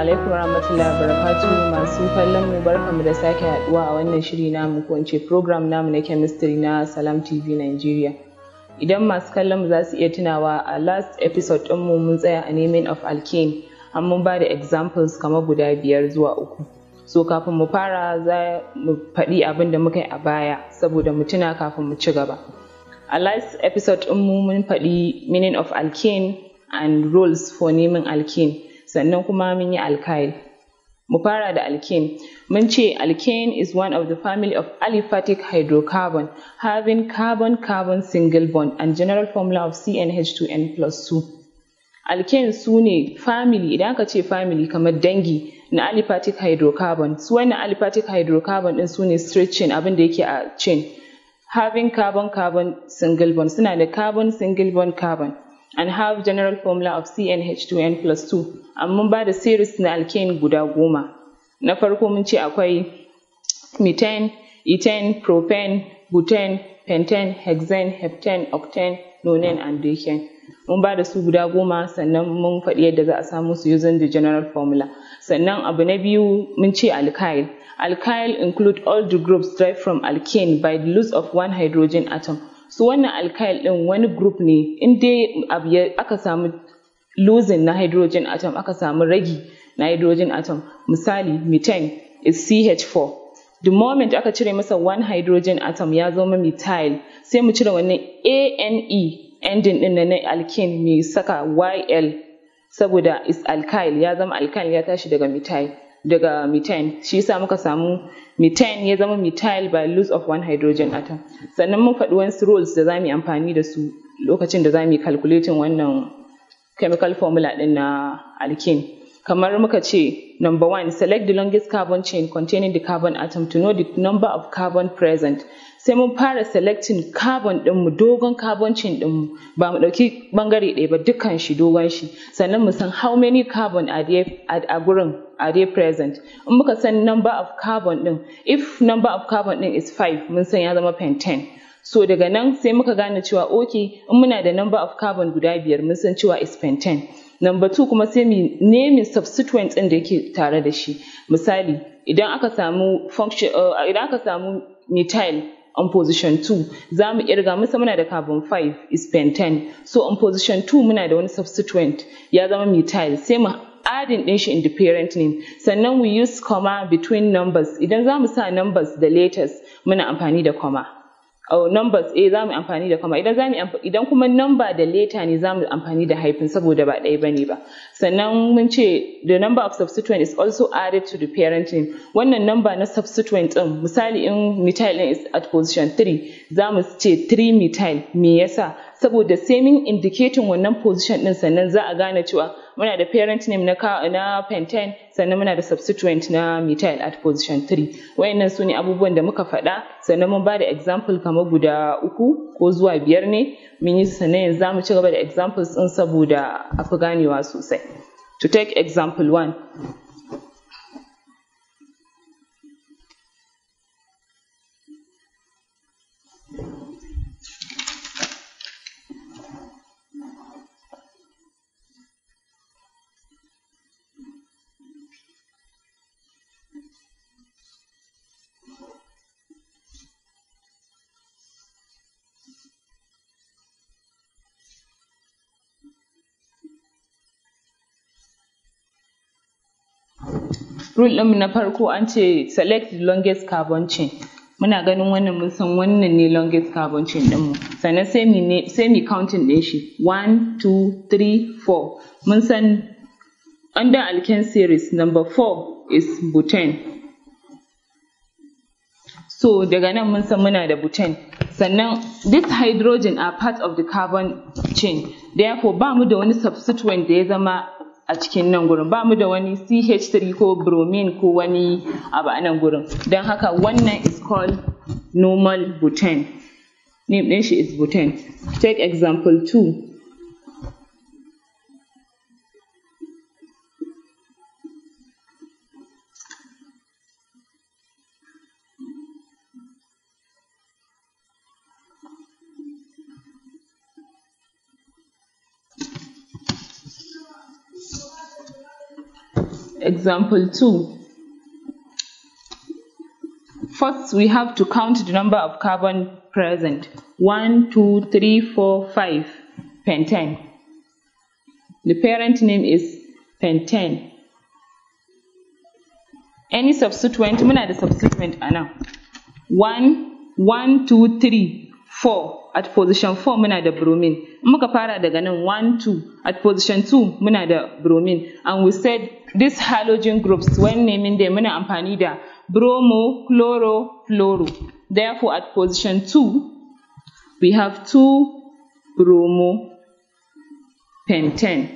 alaikum warahmatullahi wabarakatuh masu kallon mu barkamu da sake haduwa a wannan shiri namu ko in ce program namu na chemistry na Salam TV Nigeria. Idan masu kallon mu za su iya tunawa a last episode din mu mun tsaya a naming of alkene an mun ba da examples kamar guda biyar zuwa uku. So kafin mu fara za mu faɗi abin da muka yi a baya saboda mu tuna kafin mu ci gaba. A last episode din mu mun faɗi meaning of alkene and roles for naming alkene. sannan kuma mun yi alkyl mu fara da alkene mun ce alkane is one of the family of aliphatic hydrocarbon having carbon carbon single bond and general formula of CnH2n plus 2 alkane su ne family idan aka ce family kamar dangi na aliphatic hydrocarbon su wannan aliphatic hydrocarbon din su ne straight chain abin da yake a chain having carbon carbon single bond suna da carbon single bond carbon and have general formula of CnH2n plus 2 amma ba da series na alkane guda goma na farko mun ce akwai methane ethane propane butane pentane hexane heptane octane nonane and decane mun ba da su guda goma sannan mun faɗi yadda za a samu su using the general formula sannan abu na biyu mun ce alkyl alkyl include all the groups derived from alkane by the loss of one hydrogen atom su wannan alkyl ɗin wani group ne in dai abu aka samu losing na hydrogen atom aka samu ragi na hydrogen atom misali methane is CH4 the moment aka cire masa one hydrogen atom ya zama methyl sai mu cire wannan ANE ending ɗin na alkene mai saka YL saboda is alkyl ya zama alkyl ya tashi daga methyl daga methane shi yasa muka samu methane ya zama methyl by loss of one hydrogen atom sannan mun faɗi wasu rules da za mu yi amfani da su lokacin da za mu yi calculating wannan chemical formula ɗin na alkene kamar muka ce Number one, select the longest carbon chain containing the carbon atom to know the number of carbon present. Sai mun fara selecting carbon ɗinmu dogon carbon chain ɗinmu ba mu ɗauki ɓangare ɗaya ba dukkan shi dogon shi sannan mu san how many carbon are a gurin are they present in muka san number of carbon ɗin if number of carbon ɗin is 5 mun san ya zama pentane so daga nan sai muka gane cewa okay in muna da number of carbon guda biyar mun san cewa is pentane number two kuma sai mu nemi substituent ɗin da yake tare da shi misali idan aka samu function eh, idan aka samu methyl on position 2 za mu kirga musa muna da carbon 5 is pentane so on position 2 muna da wani substituent ya zama methyl sai mu adin din shi in the parent name sannan we use comma between numbers idan za mu sa numbers da letters muna amfani da comma oh, numbers eh za mu amfani da comma idan zamu idan kuma number da letter ne za mu amfani da hyphen saboda ba ɗaya bane ba sannan mun ce the number of substituent is also added to the parent name wannan number na substituent din misali in methyl din is at position 3 za mu ce 3 methyl me yasa saboda sai mun indicating wannan position din sannan za a gane cewa muna da parent name na, na pentane sannan muna da substituent na methyl at position 3 wayannan su ne abubuwan da muka faɗa sannan mun ba da example kamar guda uku ko zuwa biyar ne mun yi sannan yanzu za mu ci gaba da examples din saboda a ganewa sosai to take example 1 rule ɗinmu na farko an ce select the longest carbon chain muna ganin wannan mun san wannan ne longest carbon chain ɗinmu sannan sai mu counting ɗin shi 1 2 3 4 mun san under alkane series number 4 is butane so daga nan mun san muna da butane sannan this hydrogen are part of the carbon chain therefore ba mu da wani substituent da ya zama a cikin nan gurin ba mu da wani CH3 ko bromine ko wani abu a nan gurin don haka wannan is called normal butane name din shi is butane take example 2 Example 2. First, we have to count the number of carbon present. 1, 2, 3, 4, 5. Pentane. The parent name is pentane. Any substituent, muna da substituent ana. 1, 1, 2, 3, 4. at position 4 muna da bromine in muka fara daga nan 1 2 at position 2 muna da bromine and we said this halogen groups when naming them muna amfani da bromo chloro fluoro therefore at position 2 we have two bromo pentane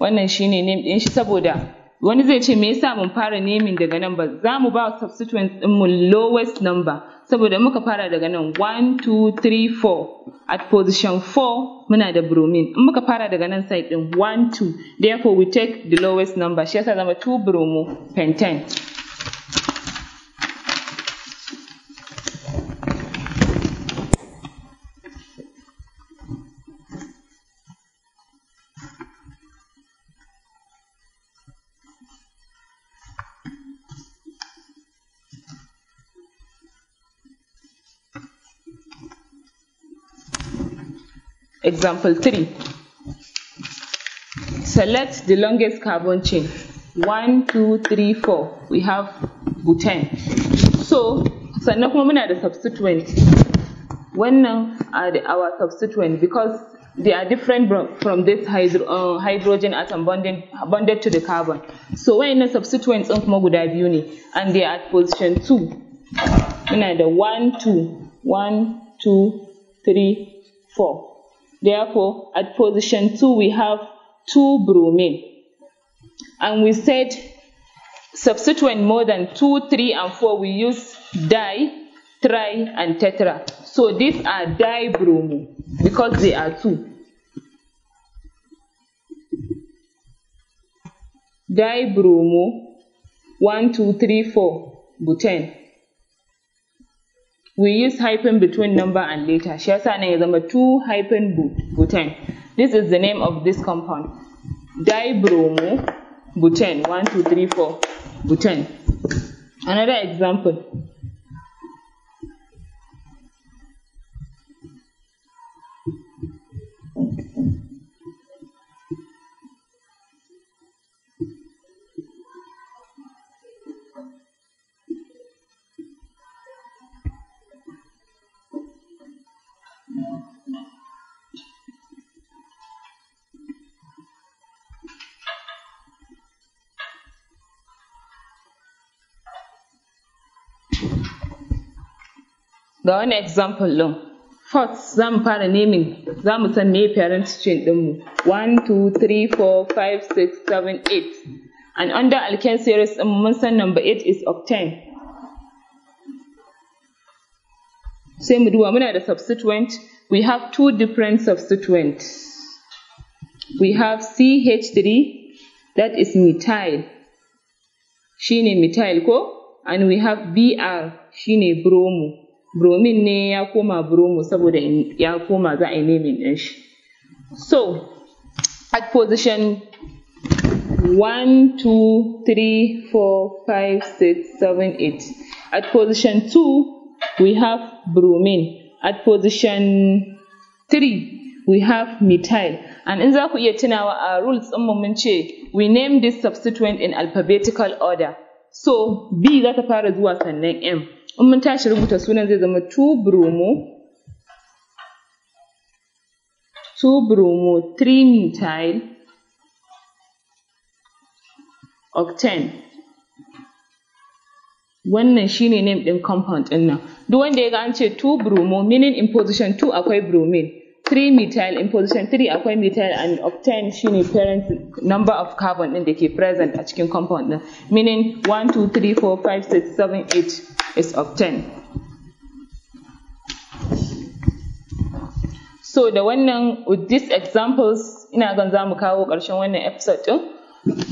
wannan shine name din shi saboda wani zai ce me yasa mun fara naming daga nan ba za mu ba substituents mu lowest number saboda muka fara daga nan 1 2 3 4 at position 4 muna da bromine in muka fara daga nan side din 1 2 therefore we take the lowest number shi yasa zama 2 bromo pentane Example 3. Select the longest carbon chain. 1, 2, 3, 4. We have butane. So, sannan kuma muna da substituent. Wannan are the, our substituent because they are different from this hydro, uh, hydrogen atom bonded, bonded to the carbon. So, wayannan substituents ɗin kuma guda biyu and they are at position 2. Muna da 1, 2, 1, 2, 3, 4. Therefore, at position 2, we have 2 bromine. And we said subsequent more than 2, 3, and 4, we use di, tri, and tetra. So these are dibromo because they are 2. Dibromo, 1, 2, 3, 4, butane we use hyphen between number and letter shi yasa nan ya zama 2 hyphen butane this is the name of this compound dibromo butane 1 2 3 4 butane another example ga wani example ɗin first za mu fara naming za san meye parent chain ɗinmu 1 2 3 4 5 6 7 8 and under alkene series ɗin mun san number 8 is octane sai mu duba muna da substituent we have two different substituents we have CH3 that is methyl shine methyl ko and we have BR shine bromo bromin ne ya koma bromo saboda ya koma za a yi naming ɗin shi so at position one, 2 three, four, five, six, seven, eight. at position 2 we have bromin at position 3 we have methyl and in za ku iya tunawa a rules ɗinmu mun ce we name this substituent in alphabetical order so b za ta fara zuwa sannan m in mun tashi rubuta sunan zai zama two bromo two bromo three methyl octane wannan shine name ɗin compound ɗin nan duk wanda ya ga an ce two bromo meaning in position two akwai bromine 3 methyl in position 3 akwai methyl and octane shine parent number of carbon din da ke present a cikin compound din meaning 1 2 3 4 5 6 7 8 is octane so da wannan with these examples ina gan za mu kawo ƙarshen wannan episode din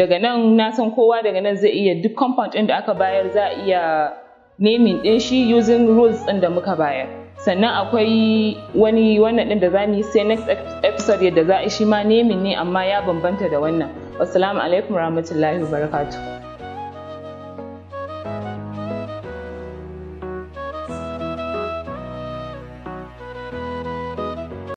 daga nan na san kowa daga nan zai iya duk compound din da aka bayar za a iya naming din shi using rules din da muka bayar sannan akwai wani wannan din da za mu yi sai next episode yadda za a shi ma nemin ne amma ya bambanta da wannan wassalamu alaikum rahmatullahi wa barakatuh